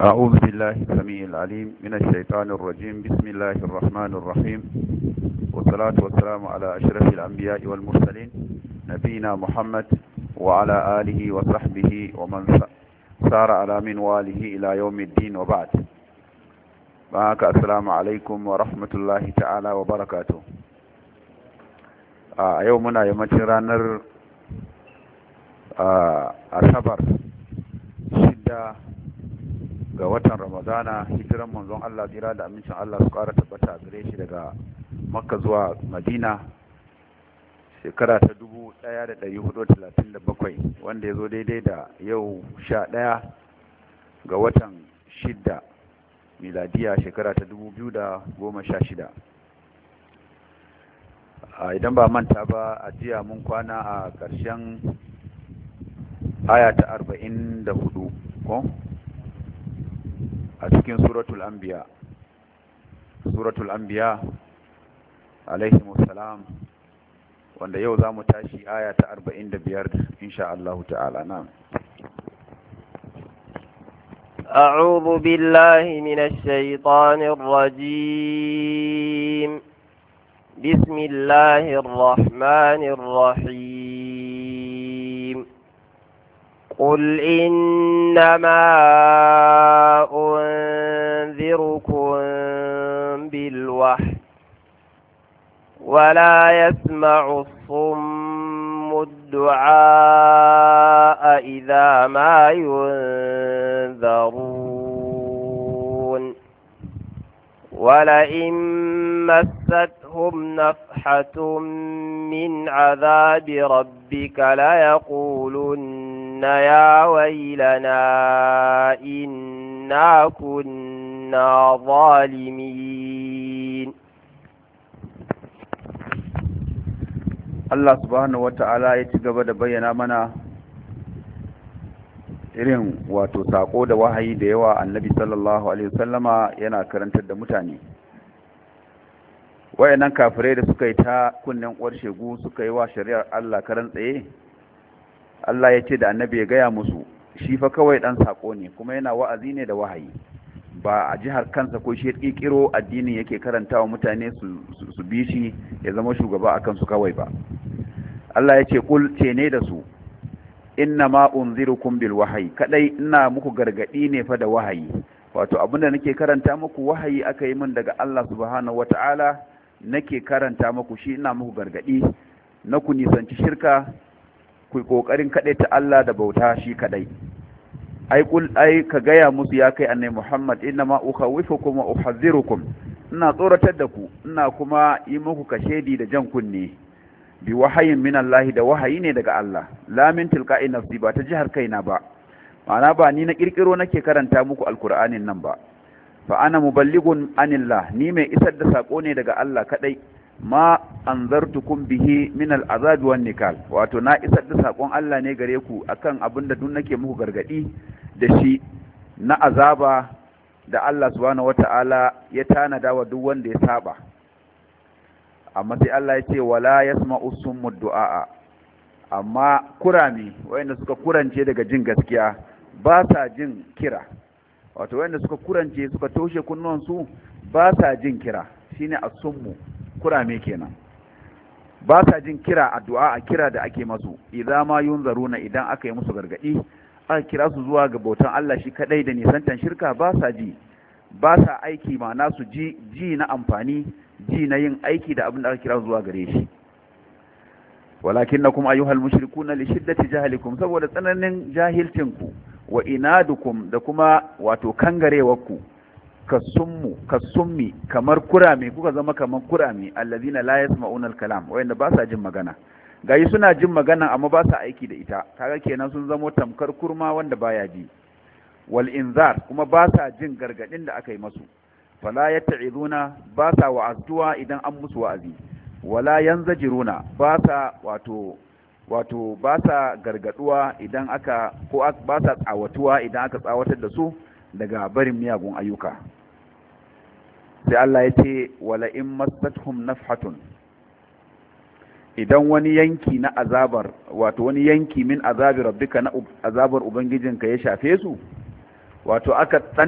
أعوذ بالله السميع العليم من الشيطان الرجيم بسم الله الرحمن الرحيم والصلاة والسلام على أشرف الأنبياء والمرسلين نبينا محمد وعلى آله وصحبه ومن سار على منواله إلى يوم الدين وبعد معك السلام عليكم ورحمة الله تعالى وبركاته آه، يومنا يوم يمتن آه أصبر شدة ga watan ramadana hijiran manzon Allah tsira da amincin Allah su kara tabbata gare shi daga makka zuwa madina shekara ta 1437 wanda ya zo daidai da yau 11 ga watan 6 miladiya shekara ta 2016 idan ba manta ba a jiya mun kwana a ƙarshen aya ta arba'in 44 ko a cikin suratul ambiya suratul anbiya wanda yau zamu tashi aya ta arba'in 45 insha Allah ta'ala na a'udhu billahi minash shaitanir rajim bismillahir rahmanir rahim قل إنما أنذركم بالوحي ولا يسمع الصم الدعاء إذا ما ينذرون ولئن مستهم نفحة من عذاب ربك ليقولن يا ويلنا إنا كنا ظالمين Allah سبحانه وتعالى ya ci gaba da bayyana mana irin wato sako da wahayi da yawa annabi sallallahu alaihi wasallama yana karantar da mutane wayannan kafirai da suka yi ta kunnen uwar shegu suka yi wa shari'ar Allah karantsaye? Allah ya ce da annabi ya gaya musu shi fa kawai dan sako ne kuma yana wa'azi ne da wahayi ba a jihar kansa ko shi kikiro addinin yake karantawa mutane su su bi shi ya zama shugaba a kansu kawai ba Allah ya ce kul ce ne da su inna ma unzirukum bil wahayi kadai ina muku gargadi ne fa da wahayi wato da nake karanta muku wahayi aka yi min daga Allah subhanahu wataala nake karanta muku shi ina muku gargadi na ku nisanci shirka ku kokarin ta Allah da bauta shi kaɗai. ai kul ai ka gaya musu ya kai annabi Muhammad inna ma ukhawifukum wa uhadhirukum ina tsoratar da ku ina kuma yi muku kashedi da jan kunne bi wahayin min Allah da wahayi ne daga Allah la min tilqa'i nafsi ba ta jihar kaina ba ma'ana ba ni na kirkiro nake karanta muku alqur'anin nan ba fa ana muballighun anillah ni mai isar da sako ne daga Allah kadai ma anzartukum bihi min al'azab wani nikal wato na isar da sakon Allah ne gare ku akan abinda duk nake muku gargadi da shi na azaba da Allah subhanahu wata'ala ya tanada wa duk wanda ya saba amma sai Allah ya ce wala yasma'u summu du'a amma kurami wayanda suka kurance daga jin gaskiya ba sa jin kira wato wayanda suka kurance suka toshe kunnuwansu ba sa jin kira shine asummu kurame kenan ba sa jin kira addu'a a kira da ake masu idan ma yunzaruna idan aka yi musu gargadi aka kira su zuwa ga bautan Allah shi kadai da nisantan shirka ba sa ji ba sa aiki ma'ana su ji ji na amfani ji na yin aiki da abin da aka kira zuwa gare shi walakinnakum ayyuhal mushrikuna li shiddati jahlikum saboda tsananin jahilcinku wa inadukum da kuma wato kangarewar ku. kasummu kasummi kamar kurame kuka zama kamar kurame allazina la yasma'una al-kalam wayanda ba sa jin magana gayi suna jin magana amma ba sa aiki da ita kaga kenan sun zamo tamkar kurma wanda baya ji wal inzar kuma ba sa jin gargadin da aka yi masu fala yata'izuna ba sa wa'azduwa idan an musu wa'azi wala yanzajiruna ba sa wato wato ba sa gargaduwa idan aka ko ba sa tsawatuwa idan aka tsawatar da su daga barin miyagun ayyuka sai Allah ya ce wala in massatuhum nafhatun idan wani yanki na azabar wato wani yanki min azabi rabbika na azabar ubangijinka ya shafe su wato aka